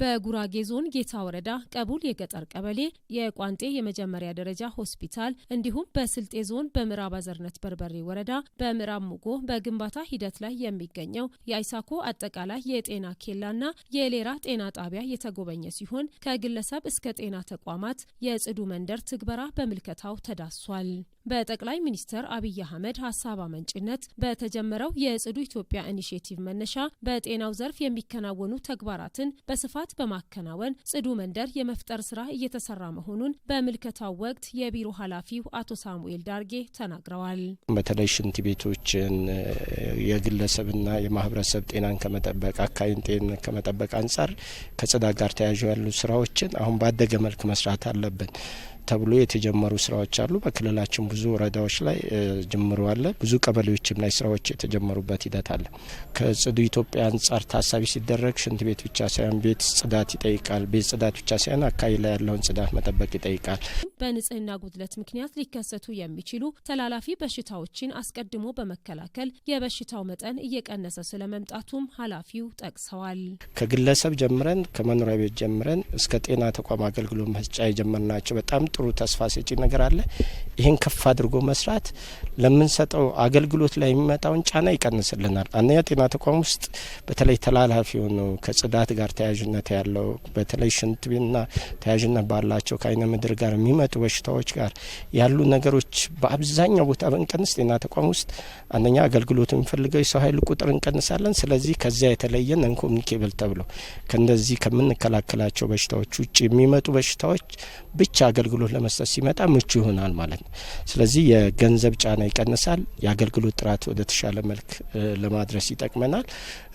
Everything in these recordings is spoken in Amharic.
በጉራጌ ዞን ጌታ ወረዳ ቀቡል የገጠር ቀበሌ የቋንጤ የመጀመሪያ ደረጃ ሆስፒታል እንዲሁም በስልጤ ዞን በምዕራብ አዘርነት በርበሬ ወረዳ በምዕራብ ሙጎ በግንባታ ሂደት ላይ የሚገኘው የአይሳኮ አጠቃላይ የጤና ኬላና የሌራ ጤና ጣቢያ የተጎበኘ ሲሆን ከግለሰብ እስከ ጤና ተቋማት የጽዱ መንደር ትግበራ በምልከታው ተዳሷል። በጠቅላይ ሚኒስትር አብይ አህመድ ሀሳብ አመንጭነት በተጀመረው የጽዱ ኢትዮጵያ ኢኒሽቲቭ መነሻ በጤናው ዘርፍ የሚከናወኑ ተግባራትን በስፋት ተግባራት በማከናወን ጽዱ መንደር የመፍጠር ስራ እየተሰራ መሆኑን በምልከታው ወቅት የቢሮ ኃላፊው አቶ ሳሙኤል ዳርጌ ተናግረዋል። በተለይ ሽንት ቤቶችን የግለሰብና የማህበረሰብ ጤናን ከመጠበቅ አካይን ጤናን ከመጠበቅ አንጻር ከጽዳት ጋር ተያያዥ ያሉ ስራዎችን አሁን ባደገ መልክ መስራት አለብን። ተብሎ የተጀመሩ ስራዎች አሉ። በክልላችን ብዙ ወረዳዎች ላይ ጅምሮ አለ። ብዙ ቀበሌዎችም ላይ ስራዎች የተጀመሩበት ሂደት አለ። ከጽዱ ኢትዮጵያ አንጻር ታሳቢ ሲደረግ ሽንት ቤት ብቻ ሳይሆን ቤት ጽዳት ይጠይቃል። ቤት ጽዳት ብቻ ሳይሆን አካባቢ ላይ ያለውን ጽዳት መጠበቅ ይጠይቃል። በንጽህና ጉድለት ምክንያት ሊከሰቱ የሚችሉ ተላላፊ በሽታዎችን አስቀድሞ በመከላከል የበሽታው መጠን እየቀነሰ ስለመምጣቱም ኃላፊው ጠቅሰዋል። ከግለሰብ ጀምረን ከመኖሪያ ቤት ጀምረን እስከ ጤና ተቋም አገልግሎት መስጫ የጀመርናቸው በጣም ጥሩ ተስፋ ሰጪ ነገር አለ። ይህን ከፍ አድርጎ መስራት ለምንሰጠው አገልግሎት ላይ የሚመጣውን ጫና ይቀንስልናል። አንደኛ ጤና ተቋም ውስጥ በተለይ ተላላፊ የሆኑ ከጽዳት ጋር ተያዥነት ያለው በተለይ ሽንትና ተያዥነት ባላቸው ከአይነ ምድር ጋር የሚመጡ በሽታዎች ጋር ያሉ ነገሮች በአብዛኛው ቦታ በንቀንስ ጤና ተቋም ውስጥ አንደኛ አገልግሎት የሚፈልገው የሰው ኃይል ቁጥር እንቀንሳለን። ስለዚህ ከዚያ የተለየን እንኮሚኒኬብል ተብሎ ከእነዚህ ከምንከላከላቸው በሽታዎች ውጭ የሚመጡ በሽታዎች ብቻ አገልግሎት አገልግሎት ለመስጠት ሲመጣ ምቹ ይሆናል ማለት ነው። ስለዚህ የገንዘብ ጫና ይቀንሳል። የአገልግሎት ጥራት ወደ ተሻለ መልክ ለማድረስ ይጠቅመናል።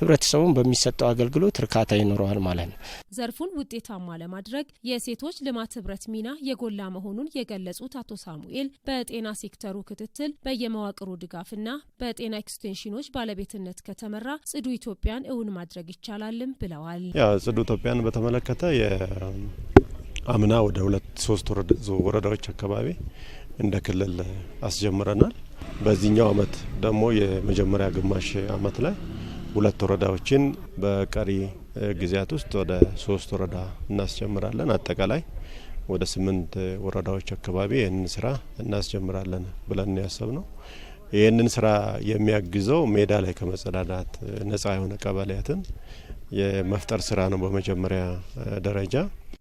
ህብረተሰቡን በሚሰጠው አገልግሎት እርካታ ይኖረዋል ማለት ነው። ዘርፉን ውጤታማ ለማድረግ የሴቶች ልማት ህብረት ሚና የጎላ መሆኑን የገለጹት አቶ ሳሙኤል በጤና ሴክተሩ ክትትል በየመዋቅሩ ድጋፍና በጤና ኤክስቴንሽኖች ባለቤትነት ከተመራ ጽዱ ኢትዮጵያን እውን ማድረግ ይቻላልም ብለዋል። ያ ጽዱ ኢትዮጵያን በተመለከተ አምና ወደ ሁለት ሶስት ወረዳዎች አካባቢ እንደ ክልል አስጀምረናል። በዚህኛው አመት ደግሞ የመጀመሪያ ግማሽ አመት ላይ ሁለት ወረዳዎችን በቀሪ ጊዜያት ውስጥ ወደ ሶስት ወረዳ እናስጀምራለን። አጠቃላይ ወደ ስምንት ወረዳዎች አካባቢ ይህንን ስራ እናስጀምራለን ብለን ያሰብ ነው። ይህንን ስራ የሚያግዘው ሜዳ ላይ ከመጸዳዳት ነጻ የሆነ ቀበሌያትን የመፍጠር ስራ ነው በመጀመሪያ ደረጃ።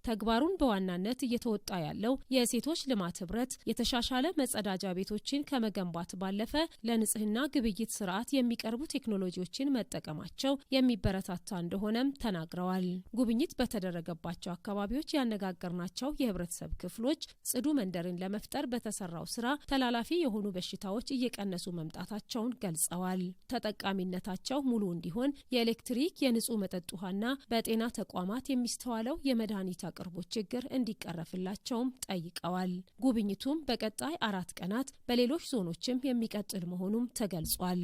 ተግባሩን በዋናነት እየተወጣ ያለው የሴቶች ልማት ህብረት የተሻሻለ መጸዳጃ ቤቶችን ከመገንባት ባለፈ ለንጽህና ግብይት ስርዓት የሚቀርቡ ቴክኖሎጂዎችን መጠቀማቸው የሚበረታታ እንደሆነም ተናግረዋል። ጉብኝት በተደረገባቸው አካባቢዎች ያነጋገርናቸው የህብረተሰብ ክፍሎች ጽዱ መንደርን ለመፍጠር በተሰራው ስራ ተላላፊ የሆኑ በሽታዎች እየቀነሱ መምጣታቸውን ገልጸዋል። ተጠቃሚነታቸው ሙሉ እንዲሆን የኤሌክትሪክ፣ የንጹህ መጠጥ ውሃና በጤና ተቋማት የሚስተዋለው የመድኃኒት የመድኃኒት አቅርቦት ችግር እንዲቀረፍላቸውም ጠይቀዋል። ጉብኝቱም በቀጣይ አራት ቀናት በሌሎች ዞኖችም የሚቀጥል መሆኑም ተገልጿል።